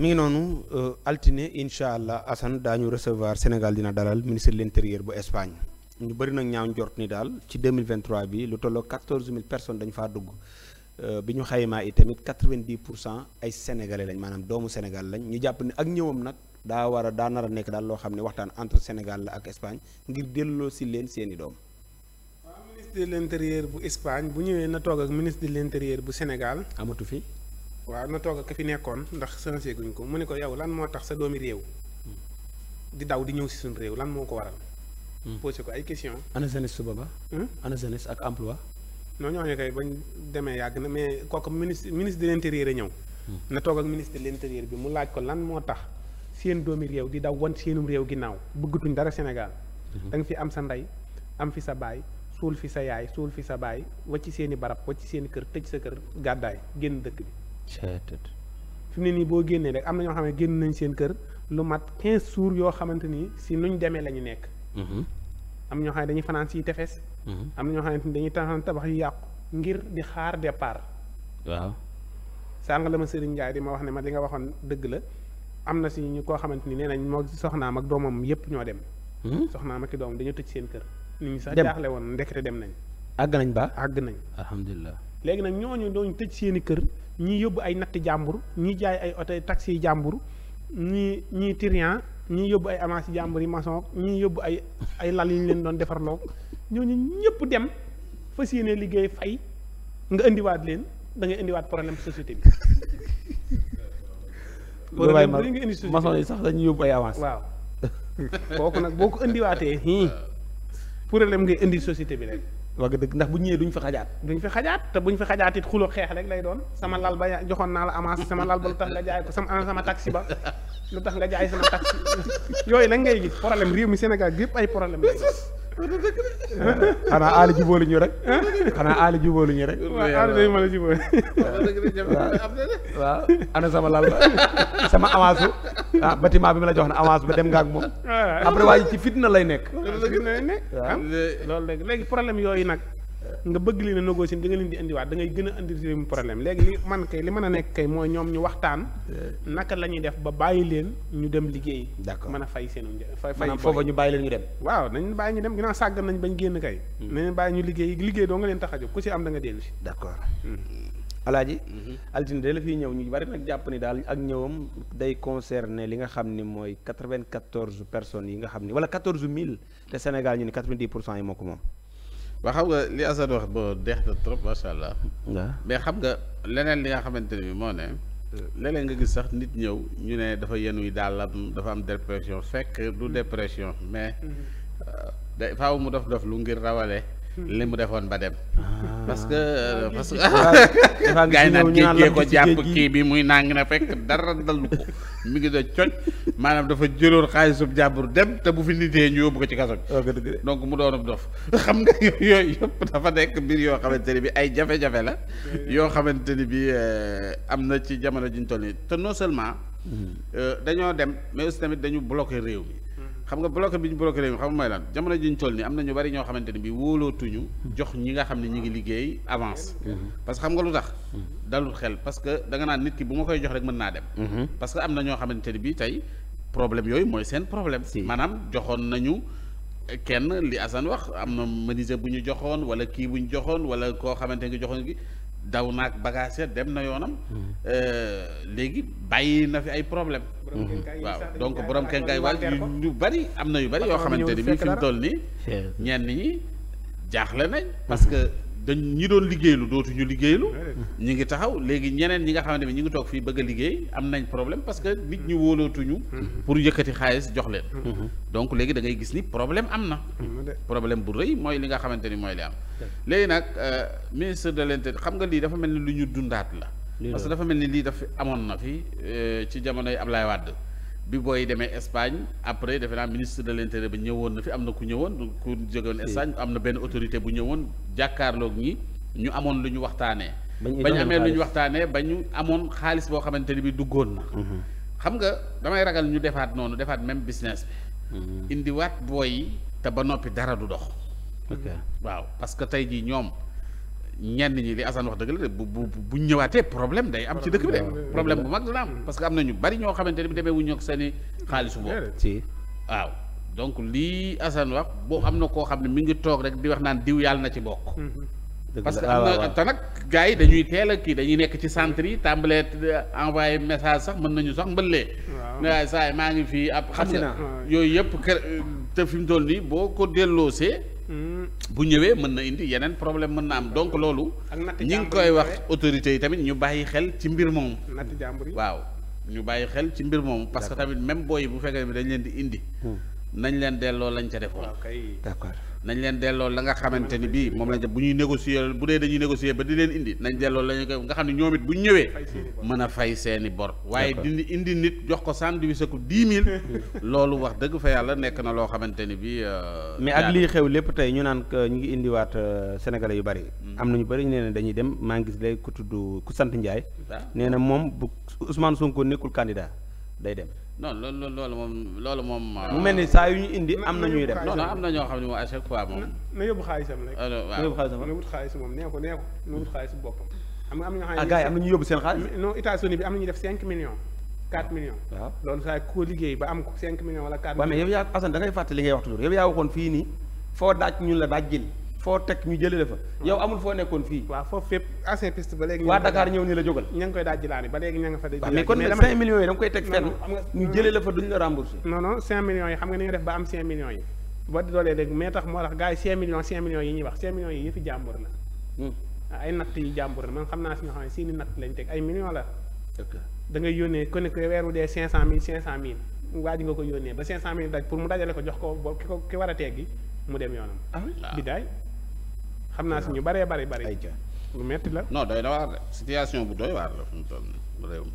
mi ngi noonu euh, altine incha allah daa ñu recevoir Sénégal dina dalal ministre de l'intérieur bu Espagne ñu bëri nag ñaaw njort ni daal ci 2023 bi lu tolloo person dañ dañu faa dugg euh, bi ñu xaymaa yi tamit 90 pour cent ay sénégalais lañ maanaam doomu Sénégal lañ ñu jàpp ni ak ñëwam nag daa war a daa nar a nekk daal loo xam ne waxtaan entre Sénégal la ak Espagne ngir delloo si leen seeni doom. ministre de l'intérieur bu Espagne bu ñëwee na toog ak ministre de l'intérieur bu Sénégal. amatu fi. waaw na toog ak fi nekkoon ndax sensé guñ ko mu ne ko yow lan moo tax sa doomi réew di daw di ñëw si suñu réew lan moo ko waral hmm. posé ko ay question ana jeunesse suba ba hmm? ak jeunesse ak ñoo non ñooñu kay bañ demee yàgg na mais kooku ministre ministre de l'intérieur a ñëw hmm. na toog ak ministre de bi mu laaj ko lan moo tax seen doomi réew di daw wan seenum réew ginnaaw bëggatuñ dara Sénégal da nga fi am sa ndey am fi sa baay suul fi sa yaay suul fi sa baay wacci seeni barab wacci seeni kër tëj sa kër gàddaay génn dëkk bi fi mu ne nii boo génnee rek am na ñoo xam ne génn nañ seen kër lu mat quinze jours yoo xamante ni si ñu demee la ñu nekk. Mm-hmm. am ñoo xam ne dañuy fanaan si tefes. Mm-hmm. am ñoo xamante ni dañuy taxaw tabax yu yàqu ngir di xaar départ. waaw sànq la ma Serigne Ndiaye di ma wax ne ma li nga waxoon dëgg la am na si koo xamante ni nee nañ moo soxnaam ak doomam yépp ñoo dem. Mm-hmm. soxnaam ak i doomam dañoo tëj seen kër. nit ñi sax jaaxle woon ndekete dem nañ. àgg nañ ba àgg nañ. alhamdulilah. léegi nag ñooñu doon tëj seeni kër ñi yóbbu ay natti jàmbur ñii jaay ay oto taxi yi jàmbur ñi ñii tirian ñii yóbbu ay avance jàmbur yi maçon ñii yóbbu ay ay lal yi leen doon defarloo ñooñu ñëpp dem fas yéene liggéey fay nga indiwaat leen da indiwaat problème société bi. problème bu nga indi sax dañuy yóbbu ay avance waaw kooku nag boo ko indiwaatee. problème ngay indi société bi rek. wagg dëgg ndax bu ñëwee duñ fa xajaat duñ fa xajaat te buñ fa xajaat it xulo xeex rek lay doon sama lal ba joxoon naa la avance sama lal ba lu tax nga jaay ko sama sama taxi ba lu tax nga jaay sama taxi yooyu nag ngay gis problème réew mi Sénégal yëpp ay problème lay xanaa aali jubóolu ñu rek xanaa aali jubóolu ñu rek waaw ma la jubóolu waaw ana sama lal la sama avance u ah bâtiment bi ma la jox na avance ba dem nga ak moom après waa ci fitna lay nekk loolu léegi léegi problème yooyu nag nga bëgg leen a négocier di a indi réew mi problème léegi li man kay li mën a nekk kay mooy ñoom ñu waxtaan eh. naka la ñuy def ba bàyyi leen ñu dem liggéey d'accord mën a fay seenu fay foofa ñu bàyyi leen ñu dem waaw nañ bàyyi ñu dem ginnaaw sàggan nañ bañ génn kay hmm. nañ bàyyi ñu liggéey liggéey doo nga leen tax a jóg ku si am da nga dellu si d'accord hmm. alaaji hmm. altine de la fiy ñëw ñu bari nag jàpp ni daal ak ñëwam day concerner li nga xam ni mooy quatre-vingt-quatorze personnes yi nga xam ni wala quatorze mille te Sénégal ñu ba xam nga li Assane wax ba deex na trop macha allah. waaw mais xam nga leneen li nga xamante ne bi moo ne. Euh. leneen nga gis sax nit ñëw ñu ne dafa yenuy daalam dafa am dépression fekk du mmh. dépression mais. Mmh. Euh, da faaw mu dof dof lu ngir rawale. Hmm. li mu defoon ba dem. Ah. parce que euh, parce que. gaa yi naan géej ko jàpp kii bii muy nang na fekk dara dalu ko mi ngi doon coñ maanaam dafa jëloon xaalisu jàmbur dem te bu fi nitee ñu yóbbu ko ci kaso bi. Oh, donc mu doonub dof xam nga yooyu yëpp dafa nekk mbir yoo xamante bi ay jafe-jafe la. Eh. yoo xamante ni bi euh, am na ci jamono ji ñu toll nii te non seulement. Hmm. Euh, dañoo dem mais aussi tamit dañu bloqué réew mi. Hmm. xam nga bloqué bi ñu bloqué réew mi xam nga mooy lan jamono ji ñu toll nii am na ñu bari ñoo xamante ne bi wóolootuñu jox ñi nga xam ne ñi ngi liggéey avance parce que xam nga lu tax dalul xel parce que da naan nit ki bu ma koy jox rek mën naa dem parce que am na ñoo xamante ne bi tey problème yooyu mooy seen problème maanaam joxoon nañu kenn li asan wax am na menuisier bu ñu joxoon wala kii bu ñu joxoon wala koo xamante ngi joxoon gi daw naag bagage dem na yoonam. Hmm. Euh, léegi bàyyi na fi ay problème hmm. waaw donc borom kenkaay waaj yu bari am na yu bari yoo xamante ni bii fi mu toll nii. ñenn ñi hmm. jaaxle nañ parce que. dañ ñi doon liggéeylu dootuñu liggéeylu ñi ngi taxaw léegi ñeneen ñi nga xamante ne ñi ngi toog fii bëgg liggéey am nañ problème parce que nit ñi mm-hmm. wóolootuñu mm-hmm. pour yëkkati xaalis jox leen mm-hmm. donc léegi da ngay gis ni problème am na problème bu rëy mooy li nga xamante ni mooy li am léegi nag euh, ministre de l'intérieur xam nga lii dafa mel ni lu ñu dundaat la parce que dafa mel ni lii dafa amoon na fi euh, ci jamonoy Ablaye Wade bi booy demee Espagne après defe naa ministre de l'intérieur bi ñëwoon na fi am na ku ñëwoon ku jógewoon Espagne am na benn autorité bu ñëwoon jàkkaarlook ñi ñu amoon lu ñu waxtaanee. bañ amee lu ñu waxtaanee ba ñu amoon xaalis boo xamante ni bi duggoon na. Mhm. xam nga damay ragal ñu defaat noonu defaat même business bi. Mhm. indiwaat booy yi te ba noppi dara du dox. waaw parce tey jii ñoom. ñenn ñi li Assane wax dëgg la de bu bu bu ñëwaatee problème day am ci dëkk bi de problème bu mag dana am parce que am na ñu bari ñoo xamante ni demee wuñu ak seen i xaalisu boobu ci waaw donc lii Assane wax boo am na koo xam ne mu ngi toog rek di wax naan diw yàlla na ci bokk mm-hmm. parce que ah, am na te nag gars yi dañuy teel a kii dañuy nekk ci centre yi tàmbalee envoyé message sax mën nañu sax mbëllee waaw saa yi maa ngi fii ab xam nga yooyu yëpp te fi mu toll nii boo ko delloosee bu ñëwee mën na indi yeneen problème mën na am donc loolu. ñi ngi koy wax autorités yi tamit ñu bàyyi xel ci mbir moomu. waaw ñu bàyyi xel ci mbir moom parce que tamit même booy bu fekkee bi dañ leen di indi. Hmm. nañ leen delloo lañ ca defoon. d'accord nañ leen delloo la nga xamante ni bii moom lañ def bu ñuy négocier bu dee dañuy négocier ba di leen indi nañ delloo lañu ñu nga xam ne ñoom it bu ñu ñëwee mën a fay seeni bor waaye dindi indi nit jox ko sandwich ak dix mille loolu wax dëgg fa yàlla nekk na loo xamante ni bii euh, mais ak lii xew lépp tey ñu naan ñu ngi indiwaat euh, sénégalais yu bari hmm. am nañu bari nee na dañuy dem maa ngi gis léegi ku tudd ku sant Ndiaye ah. nee na moom bu Ousmane Sonko nekkul candidat day dem non loolu loolu moom loolu moom. Ah. mu mel ni saa yu ñu indi am na ñuy def. non am na ñoo xam ne moom à chaque fois moom. na yóbbu xaalisam rek. na yóbbu na wut xaalis moom nee ko nee ko na wut xaalis boppam. am na am na ñoo xam ne ah gars yi am na ñu yóbbu seen xaalis. non États-Unis bi am na ñu def cinq millions. 4 millions. waaw loolu saa ko liggéey ba am ko 5 millions wala 4 millions. waaw mais yow yaa Assane da ngay li ngay wax toujours yow yaa waxoon fii nii foo daaj ñun la daaj jëli foo teg ñu jëlee dafa yow amul foo nekkoon fii waaw foofu fépp ancien piste ba léegi waa Dakar ñëw ni la jógal ña ngi koy daaj jilaani ba léegi ña nga fa daaj mais kon cinq millions yi da nga koy teg fenn ñu jëlee la fa duñ la rembourse non non cinq millions yi xam nga ni nga def ba am cinq millions yi ba di doolee léegi mais tax moo tax gars yi cinq millions cinq millions yi ñuy wax cinq millions yi yëfi jàmbur la hmm. ah, ay natt yu jàmbur la man xam naa si ñoo xam ne seeni natt lañ teg ay millions la da ngay yónnee ku ne weer wu dee cinq cent mille cinq cent mille waa ji nga ko yónnee ba cinq cent mille daj pour mu dajale ko jox ko bo ki ko ki war a teggi mu dem yoonam ah bidaay xam naa si ñu baree bari bari. lu metti la. noo doy na waar de situation bu doy waar la fu mu toll réew mi